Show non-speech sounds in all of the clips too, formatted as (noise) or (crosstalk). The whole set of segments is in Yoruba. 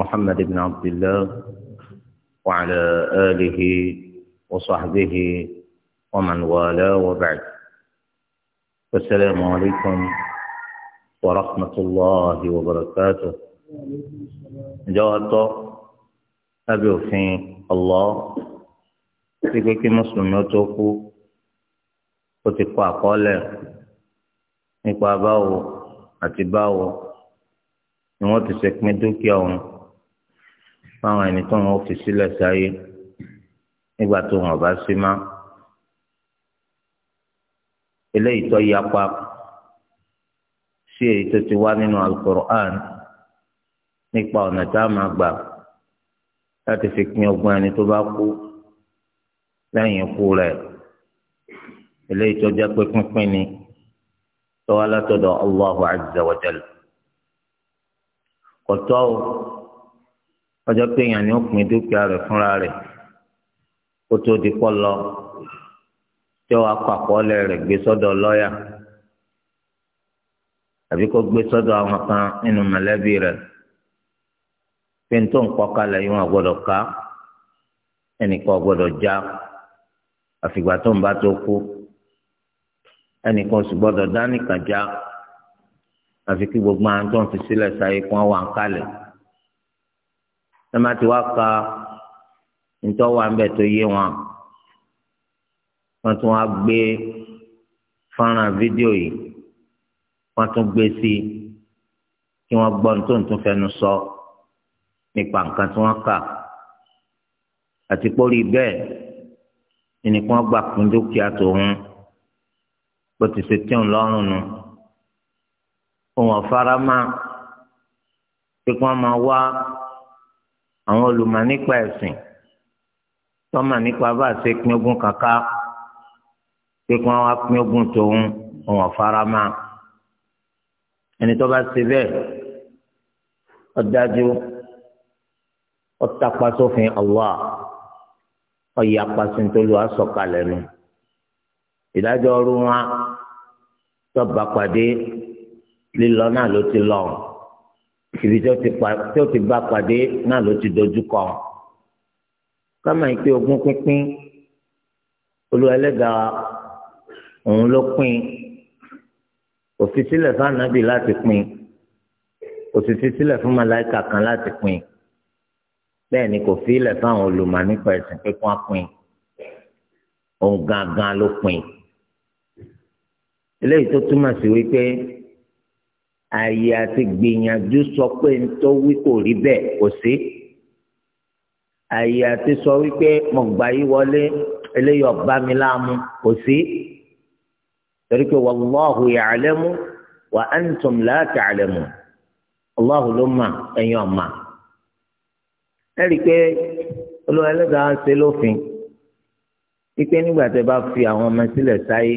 محمد بن عبد الله وعلى آله وصحبه ومن والاه وبعد السلام عليكم ورحمة الله وبركاته جاءت أبي في الله تقولك مسلم mùsùlùmí وتقوى tó نقوى باو أتباو kọ àkọọ́lẹ̀ nípa ni wọ́n ti dúkìá fáwọn ẹni tó wọn fi sílẹ̀ sáyé nígbà tó wọn bá sí má eléyìí tó yapa sí èyí tó ti wá nínú alukur'an nípa ọ̀nà tá a máa gbà láti fi pín ọgbọ́n ẹni tó bá kú lẹ́yìn ikú rẹ̀ eléyìí tó jẹ́ pé pínpín ni tó látọ̀dọ̀ Allahu azza wa jalla kò ọjọ́ pé èèyàn ni ó pín dúkìá rẹ̀ fúnra rẹ̀ kó tó di pọ́ lọ tí ó wàá kọ àkọọ́lẹ̀ rẹ̀ gbé sọ́dọ̀ lọ́ọ̀yà àbí kó gbé sọ́dọ̀ àwọn kan nínú mọ̀lẹ́bí rẹ̀ pé n tó ń kọ́ kalẹ̀ yìí wọn gbọ́dọ̀ ká ẹnìkan gbọ́dọ̀ já àfìgbà tó ń bá tó kú ẹnìkan sì gbọ́dọ̀ dánìkan já àfi kí gbogbo àwọn tó ń fi sílẹ̀ sáyé kí wọ́n wà ń kalẹ̀ tẹ́lẹ̀ tí wàá ka ntọ́ wa ń bẹ̀ tó yé wọn wọ́n tún wá gbé fọ́nrán fídíò yìí wọ́n tún gbé sí kí wọ́n gbọ́ tó ń tún fẹnu sọ nípa nǹkan tí wọ́n kà àti pórí bẹ́ẹ̀ ẹni gbà kún dúkìá tòun bó ti ṣe tí lọ́rùn nu òun ọ̀fara máa pé kí wọ́n máa wá àwọn olùmọ̀ nípa ẹ̀sìn tọ́mọ̀ nípa bá a ṣe pín ogún kàkà pé kí wọ́n wá pín ogún tòun òun fara mọ́ ẹni tó bá ṣe bẹ́ẹ̀ ó dájú sófin Allah ó yapa sí tó lu àsọ̀kalẹ̀ nu ìdájọ́ ọrùn wa tó bá pàdé lílọ náà ló ti lọ ibi tí ó ti bá pàdé náà ló ti dojú kọ kámá ìpè ogún pínpín Olúwa Ẹlẹ́dàá òun ló pín kò fi sílẹ̀ fún ànábì láti pín kò sì fi sílẹ̀ fún màláìkà kan láti pín bẹ́ẹ̀ ni kò fi ilẹ̀ fáwọn olùmọ̀ nípa ẹ̀sìn pípọ́n apin òun gangan ló pin eléyìí tó túmọ̀ sí wípé àyè àti gbìyànjú sọ pé ń tó wí kò rí bẹ́ẹ̀ kò sí àyè àti sọ wípé mo gbà yí wọlé eléyìí ọba mi láàmú kò sí torí pé wallahu ya'lamu wa antum la ta'lamun Allahu ló mà ẹ̀yin ọ̀ma ẹ rí i pé olúwa ẹlẹ́dàá ṣe lófin wípé nígbà tẹ́ bá fi àwọn ọmọ sílẹ̀ sáyé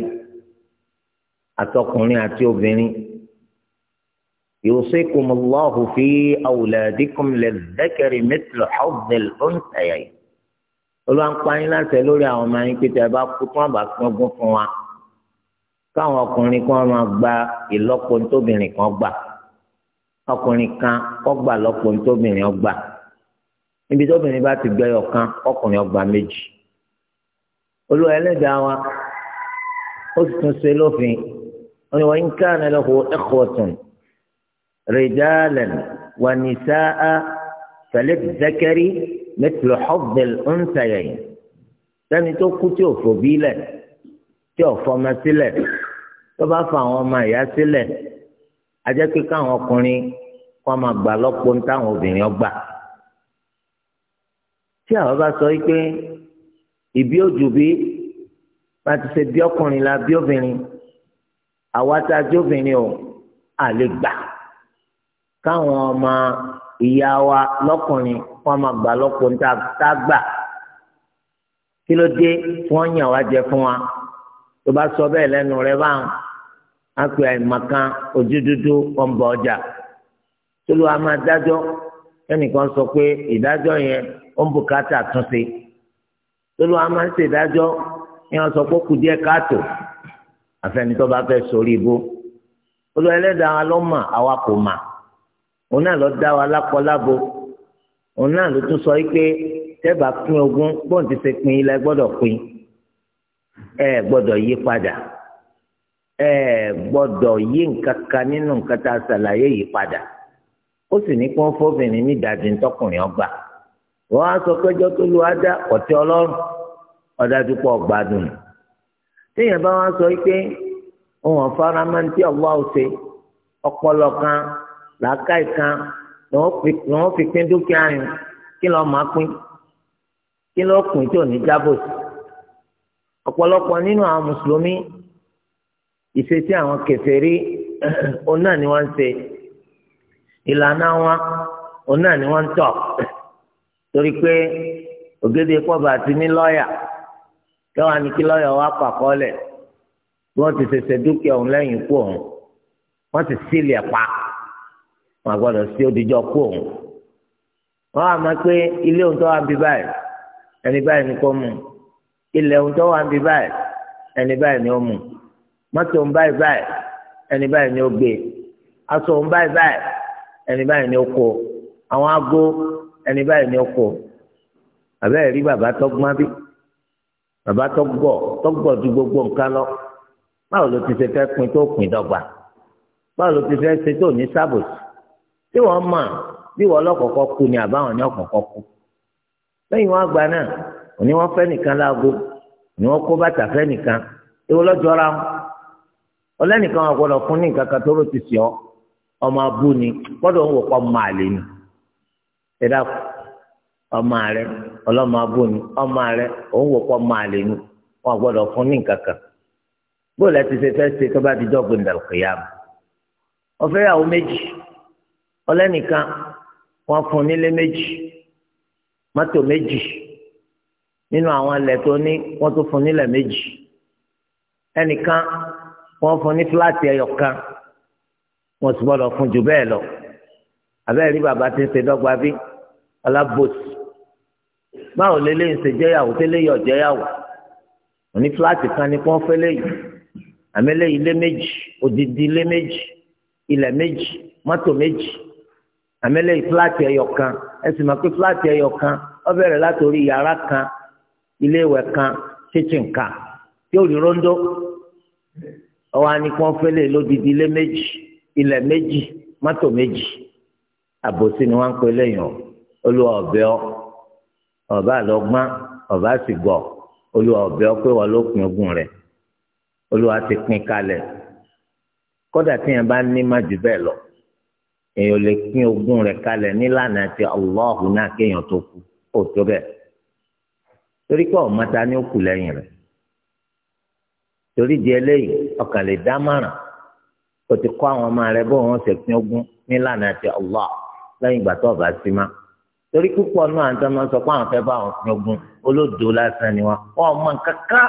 àtọkùnrin àti obìnrin. يوصيكم الله في أولادكم للذكر مثل حظ الأنثيين Olúwa ń pa yín láṣẹ lórí àwọn ọmọ yín pété ẹ bá kú tí wọn bá pín ogún fún wa káwọn ọkùnrin kan máa gba ìlọ́po nítòbìnrin kan gbà ọkùnrin kan kọ́ gbà lọ́po nítòbìnrin ọgbà níbi tóbìnrin bá ti gbẹ́yọ kan ọkùnrin ọgbà méjì Olúwa ẹlẹ́dàá wa ó tún ṣe lófin ó ní wa in kana lahu رجالا ونساء فللذكر مثل حظ الأنثيين sẹ́ni tó kú tí ò fòbí lẹ̀ tí ò fọmọ sílẹ̀ tó bá fa àwọn ọmọ ìyá sílẹ̀ a jẹ́ pé káwọn ọkùnrin kọ́ máa gbà lọ́pọ̀ ní táwọn obìnrin ọgbà tí àwọn bá sọ pé ìbí òjù bí bá ti ṣe bí ọkùnrin la bí obìnrin àwa tá a jẹ́ obìnrin o à lè gbà káwọn ọmọ ìyá wa lọ́kùnrin wọ́n máa gbà lọ́pọ̀ ní tá a gbà kí ló dé tí wọ́n yàn wá jẹ fún wa tó bá sọ bẹ́ẹ̀ lẹ́nu rẹ báwọn á pe àìmọ̀kan ojú dúdú ọ̀nbọ̀ ọjà tó ló wá máa dájọ́ ẹnìkan sọ pé ìdájọ́ yẹn ó ń bùkátà túnṣe tó ló wá máa ń ṣèdájọ́ yẹn sọ pé kù díẹ̀ káàtó àfẹnitọ́ bá fẹ́ sórí ibú olùwẹ̀lẹ́dàá ló mà àwa kò mà òun náà lọ dá wa lápọ̀ lábo òun náà ló tún sọ pé tẹ́bà pín ogún bóun ti ṣe pín ilẹ̀ gbọ́dọ̀ pín ẹ gbọ́dọ̀ yí padà ẹ gbọ́dọ̀ yí nǹkan kan nínú nǹkan tá a ṣàlàyé yí padà ó sì ní kí wọ́n fọ́bìnrin ní ìdajì ọgbà wọ́n á sọ péjọ tó lu ajá ọ̀tí ọlọ́run ọ̀dájú pọ̀ gbádùn téèyàn bá wọn sọ pé òun ọ̀fara ń tí ọ̀wá ọ̀sẹ̀ ọpọlọ kan làákà ìkan ni wọn fi pín dúkìá yẹn kí lọ máa pín kí lọ pín tí ò ní jábòsí ọ̀pọ̀lọpọ̀ nínú àwọn mùsùlùmí tí àwọn (clears throat) òun ni wọ́n ń ṣe ìlànà wọn ni wọ́n ń torí pé ògèdè pọ́bà ti ní lọ́ọ̀yà kẹwàá ní kí lọ́ọ̀yà wa pàkọ́lẹ̀ bí wọ́n ti ṣẹ̀ṣẹ̀ dúkìá òun lẹ́yìn ikú wọ́n ti sílẹ̀ pa wọn gbọ́dọ̀ sí odijọ kú òun wọn àmọ́ pé ilé ohun tó wà ń bí báyìí ẹni báyìí ni kò mú ilẹ̀ ohun tó wà ń bí báyìí ẹni báyìí ni ó mú mọ́tò ohun báyìí báyìí ẹni báyìí ni ó gbé aṣọ ohun báyìí báyìí ẹni báyìí ni ó kó àwọn aago ẹni báyìí ni ó kó àbẹ́ẹ̀ rí bàbá tọ́gbọ́n bí bàbá tọ́gbọ̀ tọ́gbọ̀ ju gbogbo nǹkan lọ báwo ló ti ṣe fẹ́ pin tó pin dọ́gba báwo ló ti fẹ́ ṣe tó ní sábòsí tí wọ́n mọ̀ bí wọ́n lọ́kọ̀ọ́kọ́ kú ni àbáwọn ní ọ̀kọ̀ọ̀kọ́ kú lẹ́yìn wọn àgbà náà òní nìkan láago òní kó bàtà nìkan ewu lọ́jọ́ra wọn wọn fún ní nǹkan kan tó ọmọ abú ni gbọ́dọ̀ ń wò ọmọ àlè ni ọmọ rẹ fún ní kan bóòlù ẹ ti ṣe ṣe tó bá ti yàwó méjì ọlẹ́nìkan wọ́n fún nílé méjì mọ́tò méjì nínú àwọn ilẹ̀ tó ní wọ́n tún fún nílẹ̀ méjì ẹnìkan wọ́n fún ní fúláàtì ẹyọkan wọ́n sì gbọ́dọ̀ fún jù bẹ́ẹ̀ lọ abẹ́rẹ́ rí bàbá tí ń ṣe dọ́gba bí ọlábòsì báwo leléyìí ṣe jẹ́yàwó tẹ́lẹ̀ yọ̀ jẹ́yàwó òní fúláàtì kan ni wọ́n fẹ́ léyìí àmì eléyìí ilé méjì odidi ilé méjì ilẹ̀ méjì mọ́tò méjì àmẹ́lẹ́ fúláàtì ẹyọ kan ẹ sì máa pé fúláàtì ẹyọ kan ó bẹ̀rẹ̀ látòrí yàrá kan ilé ìwẹ̀ kan kíchìn kan tí ò ní rondo ọwọ́ á ní kí wọ́n fẹ́lẹ̀ lódìdí ilé méjì ilẹ̀ méjì mọ́tò méjì àbòsí ni wọ́n ń pè lẹ́yìn olú ọ̀bẹ ọ ọba àlọ́gbọ́n ọba sì gbọ́ olú ọ̀bẹ ọ pé wọ́n ló pin ogun rẹ̀ olúwa ti pin kalẹ̀ kódà tí yẹn bá ní má jù bẹ́ẹ̀ lọ. èèyàn lè pín ogún rẹ kalẹ nílànà ti Allahu náà kéèyàn tó kú ó tó torí pé ọ̀mọ́ta ni ó kù lẹ́yìn rẹ̀ torí di eléyìí ọkàn lè dá márùn o ti kọ́ àwọn ọmọ rẹ bó wọn ṣe pín ogún nílànà lẹ́yìn ìgbà tó ma torí púpọ̀ náà àti ọmọ sọ pé àwọn fẹ́ bá pín ogún olódo lásán ni wọn wọn mọ kankan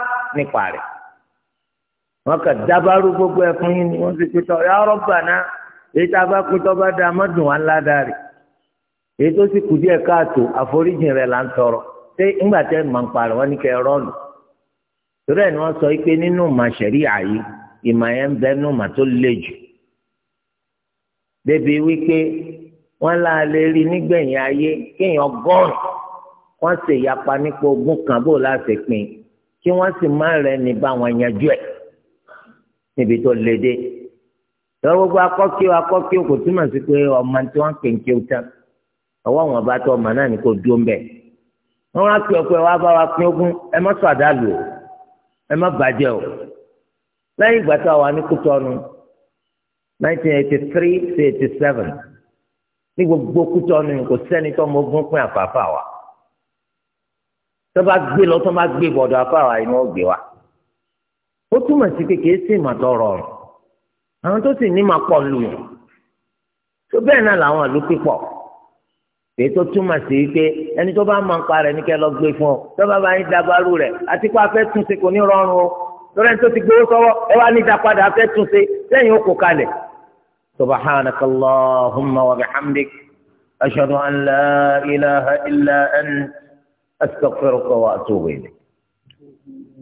gbogbo fún yín ni èyí tá a bá kú tó bá dáa má dùn wá ńlá dáa rè èyí tó sì kù díẹ̀ káàtó àforíjìn rẹ̀ là ń tọrọ ṣé ńgbà tẹ́ ẹ̀ máa ń parọ́ wọn ní kẹ́ ẹ rọ́ọ̀lù torí ẹ̀ ni wọ́n sọ pé nínú màṣẹ̀rí àyè ìmọ̀ yẹn ń bẹ nínú mà tó le jù débi wípé wọ́n lá lè rí nígbẹ̀yìn ayé kéèyàn gọ́ọ̀n wọ́n sì yapa nípa ogún kan bó láti pín kí wọ́n sì má rẹ̀ ní bá yanjú ẹ̀ níbi tó le dé lọ́wọ́ gbogbo akọ́kíó akọ́kíó kò túmọ̀ sí pé ọmọ tí wọ́n pè ń kí o tán ọwọ́ àwọn ọba tó ọmọ náà ní kò dúró ń bẹ̀. wọ́n wá pè ọ̀pẹ wá bá wa pín ogún ẹ má sọ àdálù o ẹ má bàjẹ́ o. lẹ́yìn ìgbà tá a wà ní 1983 sí 87 ní gbogbo kútọ́nu kò sẹ́ni tó ọmọ ogún pín àfààfà wa. tó bá gbé lọ tó bá gbé bọ̀dọ̀ àfààfà yìí ni wọ́n gbé wa. ó túmọ̀ sí pé kì í sì mà tọrọ àwọn tó sì ní máa pọ̀ lù yẹn tó bẹ́ẹ̀ náà làwọn ìlú pípọ̀ èyí tó túmọ̀ sí wípé ẹni tó bá máa ń pa rẹ̀ ní kẹ́ lọ gbé fún ọ tó bá bá yín dabarú rẹ̀ àti pé afẹ́ túnṣe kò ní rọrùn o lórí ẹni tó ti gbowó sọ́wọ́ ẹ wá ní ìdápadà afẹ́ túnṣe sẹ́yìn ó kò kalẹ̀. subhanakallahumma wa bihamdik ashhadu an la ilaha illa ant astaghfiruka wa atubu ilayk.